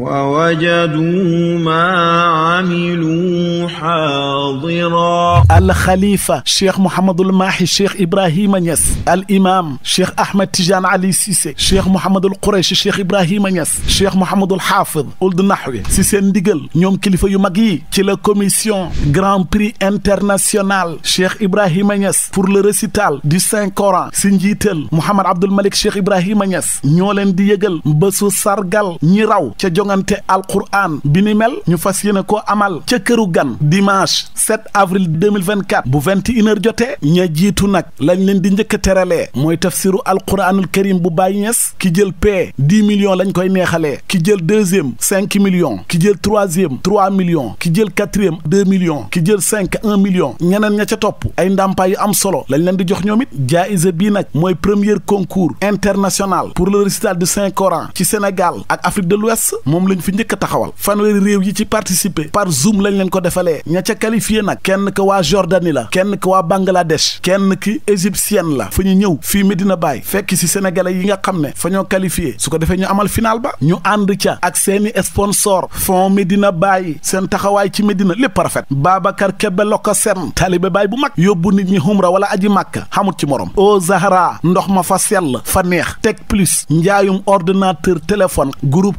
ووجدوا ما عملوا حاضرا alxalifa cheikh Mouhamadul Mahi cheikh Ibrahima Niass al imaam cheikh Ahmed Tidiane Ali Cissé cheikh Mouhamadul Quraysh cheikh Ibrahima Niass cheikh Mouhamadul Xaafid Ould Nahwi si seen ndigal ñoom kilifa yu mag yi ci la commission grand prix international cheikh Ibrahima Niass pour le récital du Saint Coran si njiital Mouhamad Abdul Malik cheikh Ibrahima Niass ñoo leen di yëgal bésu sargal ñi raw ca jongante alquran bi ni mel ñu fas yéene ko amal ca këru gan dimanche 7 avril 2024 bu 21 heures jotee ña jiitu nag lañ leen di njëkk a teralee mooy tafsiru alquranul karim bu Baye Niass ki jël P 10 millions lañ koy neexalee ki jël deuxième 5 millions ki jël troisième 3 millions ki jël quatrième 2 millions ki jël cinq 1 million ñeneen ña ca topp ay ndàmpaay am solo lañ leen di jox ñoomit it jaayise bii nag mooy premier concours international pour le récital du Saint Coran ci Sénégal ak Afrique de l'Ouest moom lañ fi njëkk a taxawal fanweeri réew yi ci participer par zoom lañ leen ko defalee ña ca qualifié nag kenn ka waa Jordanie la kenn ka waa Bangladesh kenn ki égyptienne la fa ñu ñëw fii Medina bàyyi fekk si sénégalais yi nga xam ne fa ñoo qualifié su ko defee ñu amal final ba ñu ànd ca ak seeni sponsor fond Medina bàyyi seen taxawaay ci Medina lépp rafet Babacar Kebe Loko Sen taalibe Baye bu mag yóbbu nit ñi ra wala aji màkk xamut ci morom o Zahra ndox ma fa sell fa neex Tech Plus njaayum ordinateur téléphone groupe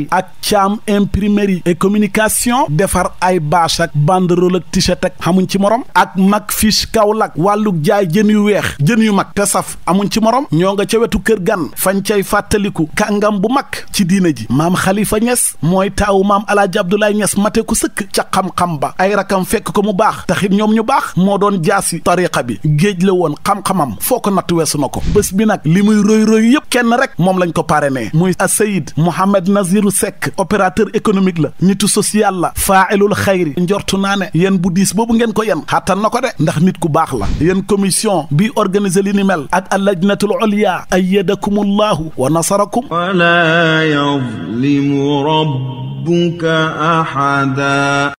imprimerie ak caam imprimerie et communication defar ay bâche ak banderole ak t-shirt ak ci moroom ak mag fiche Kaolack wàllu jaay jën yu weex jën yu mag te saf amuñ ci moroom ñoo nga ca wetu kër gan fañ cay fàttaliku kàngam bu mag ci diine ji maam Khalifa Niass mooy taawu maam Alaaji Abdoulaye Niass mate ku sëkk ca xam-xam ba ay rakam fekk ko mu baax taxit ñoom ñu baax moo doon jaasi tariqa bi géej la woon xam-xamam foo ko natt weesu na ko bés bi nag li muy roy roy ko parrainé Abdou Seck opérateur économique la nitu social la faailul xayri njortu naa ne yéen bu diis boobu ngeen ko yen xattan na ko de ndax nit ku baax la yéen commission bi organiser li ni mel ak allajnatul ulya ayyadakumullahu wa nasarakum wala yazlimu rabbuka ahada